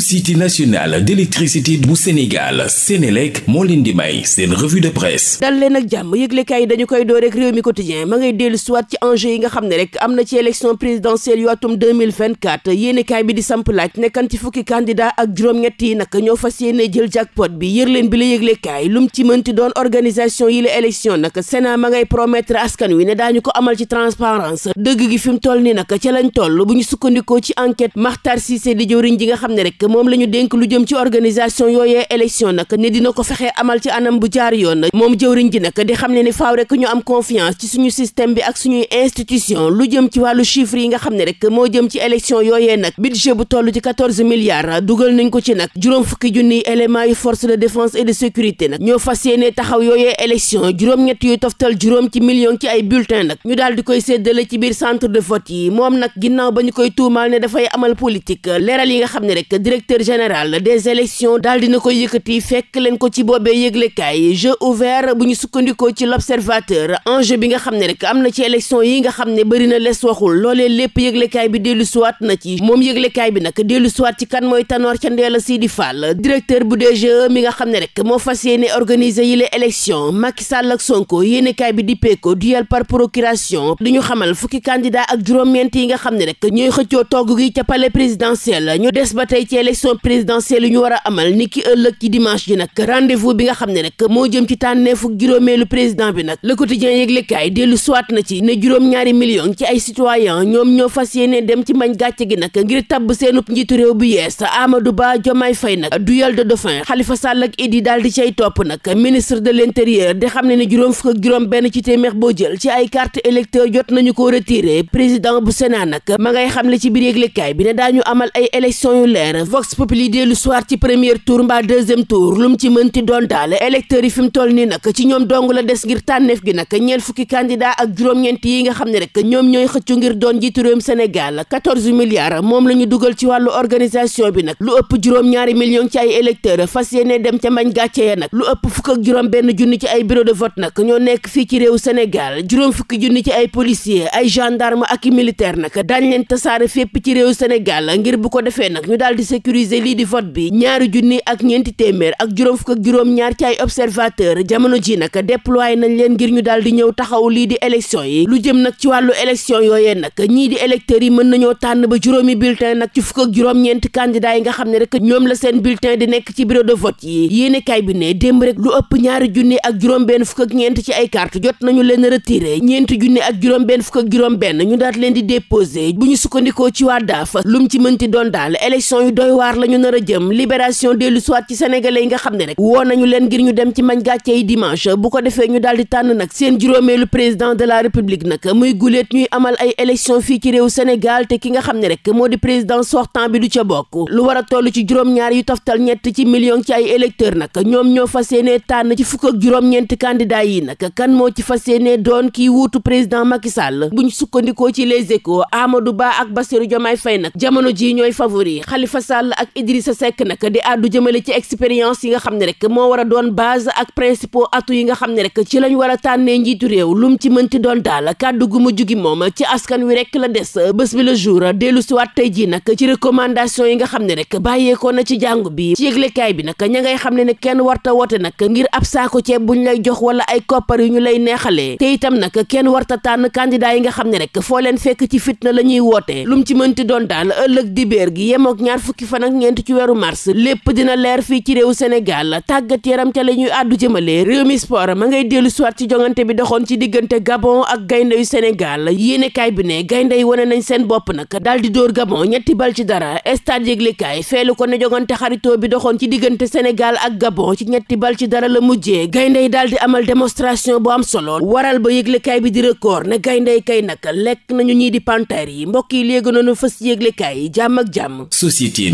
société nationale d'électricité bu Sénégal Sénélec moo leen di may seen revue de presse dal leen ak jàmm yëglekaay yi dañu koy door rek réew mi quotidien ma ngay dellu siwaat ci enjeu yi nga xam ne rek am na ci élection présidentielle yu yéenekaay bi di samp laaj nekkan ci fukki candidat ak juróom-ñett yi nag ñoo fas yéene jël jackpot bi yër bi la yëglekaay lum ci mënti doon organisation yi la élection nag Sénat ma ngay promettre Seck moom la ñu dénk lu jëm ci organisation yooyee élection nag ne dina ko fexe amal ci anam bu jaar yoon moom jëwriñ ji nag di xam ne ni faaw rek ñu am confiance ci suñu système bi ak suñuy institution lu jëm ci wàllu chiffre yi nga xam ne rek moo jëm ci élection yooyee nag budget bu toll ci quatorze milliards dugal nañ ko ci nag juróom fukki junniy éléments yu force de défense et de sécurité nag ñoo fas yéene taxaw yooyee élection juróom-ñett yuy toftal juróom ci million ci ay bulletin nag ñu daal di koy séddale ci biir centre de vote yi moom nag ginnaaw ba ñu koy tuumaal ne dafay amal politique leeral yi nga xam ne rek directeur général des élections daal dina ko yëkkati fekk leen ko ci boobee yëglekaay jeu ouvert bu ñu sukkandikoo ci l'observateur bi nga xam ne rek am na ci élection yi nga xam ne bëri na les waxul loolee lépp yëglekaay bi dellu suwaat na ci moom yëglekaay bi nag dellu suwaat ci kan mooy Tanor Thiendella Sidi Fall directeur bu DGE mi nga xam ne rek moo fas yéene organiser yile élection Macky Sall ak Sonko yéenekaay bi di peeko duel par procuration duñu xamal fukki candidat ak juróom-ñeent yi nga xam ne rek ci élection présidentielle yu ñu war a amal ni ki ëllëg ci dimanche ji nag rendez-vous bi nga xam ne nag moo jëm ci tànneefu juróomeelu président bi nag le quotidien yëglekaay dellu soit na ci ne juróom-ñaari million ci ay citoyen ñoom ñoo fas yéene dem ci mbañ gàcce gi nag ngir tabb seenu njiitu réew bu yees Amadou Ba Diomaye fay nag du duel de dauphin xalifa Sall ak Idi daal di cay topp nag ministre de l'intérieur di xam ne ne juróom fukk ak juróom benn ci téeméer boo jël ci ay carte électeur jot nañu ko retiré président bu Sénat nag ma ngay xam le ci biir yëglekaay bi ne daañu amal ay élection yu leer vox populi dellu soir ci premier tour mbaa deuxième tour lu mu ci mënti doon daal électeurs yi fi mu toll ni nag ci ñoom dong la des ngir tànneef gi nag ñeent fukki candidat ak juróom-ñeent yi nga xam ne rek ñoom ñooy xëccu ngir doon jiitu réewum Sénégal 14 milliards moom la ñu dugal ci wàllu organisation bi nag lu ëpp juróom-ñaari millions ci ay électeurs fas yéene dem ca mbañ gàcce ya nag lu ëpp fukk ak juróom benn junni ci ay biro de vot nag ñoo nekk fii ci réew Sénégal juróom fukki junni ci ay policiers ay gendarme ak militaire nag daañ leen tasaare fépp ci réew Sénégal ngir bu ko defee ñu daal di sécuriser lii di vote bi ñaari junni ak ñeenti téeméer ak juróom fukk ak juróom ñaar ci ay observateur jamono ji nag déployé nañ leen ngir ñu daal di ñëw taxaw lii di élection yi lu jëm nag ci wàllu élection yooyee nag ñii di électeurs yi mën nañoo tànn ba juróomi bulletin nag ci fukk ak juróom-ñeenti candidat yi nga xam ne rek ñoom la seen bulletin di nekk ci bureau de vote yi yéene bi ne démb rek lu ëpp ñaari junni ak juróom benn fukk ak ñeent ci ay carte jot nañu leen retiré ñeenti junni ak juróom benn fukk ak juróom benn ñu daat leen di déposé bu ñu sukkandikoo ci waa daaf lu mu ci mënti doon daal doy waar la ñu nar a jëm libération dellu soit ci sénégalais yi nga xam ne rek woo nañu leen ngir ñu dem ci mañ gàcce yi dimanche bu ko defee ñu daal tànn nag seen juróomeelu président de la république nag muy guléet ñuy amal ay élection fii ci réew sénégal te ki nga xam ne rek moo di président sortant bi du ca bokk lu war a toll ci juróom-ñaar yu toftal ñett ci million ci ay électeur nag ñoom ñoo fas yéenee tànn ci fukk ak juróom-ñeenti candidat yi nag kan moo ci fas yéenee doon kii wuutu président Macky Sall buñ sukkandikoo ci les échos Amadou Ba ak Bassirou Diomaye Sall ak Idrissa Seck nag di àddu jëmale ci expérience yi nga xam ne rek moo war a doon base ak principaux atu yi nga xam ne rek ci lañ war a tànnee njiitu réew lum ci mënti doon daal kàddu gu mujj gi moom ci askan wi rek la des bés bi le jour dellu si tey jii nag ci recommandation yi nga xam ne rek bàyyeekoo na ci jàngu bi ci bi nag ña ngay xam ne ne kenn warta woote nag ngir ab saako ceeb buñ lay jox wala ay koppar yu ñu lay neexalee te itam nag kenn warta tànn candidat yi nga xam ne rek foo leen fekk ci fitna la ñuy woote lum ci mënti doon daal ëllëg dibéer gi yemook ñaar fukki fukki fan ak ñeent ci weru mars lépp dina leer fii ci réew Sénégal tàggat yaram ca la ñuy àddu jëmale réew mi sport ma ngay dellu siwaat ci jongante bi doxoon ci diggante Gabon ak gaynde yu Sénégal yéenekaay bi ne gaynde yi wane nañ seen bopp nag daal di dóor Gabon ñetti bal ci dara stade yëglekaay feelu ko ne jongante xaritoo bi doxoon ci diggante Sénégal ak Gabon ci ñetti bal ci dara la mujjee gaynde yi daal di amal démonstration bu am solo waral ba yëglekaay bi di record ne gaynde kay nag lekk nañu ñii di pantar yi mbokk yi léegi noonu fës yëglekaay yi jàmm ak jàmm société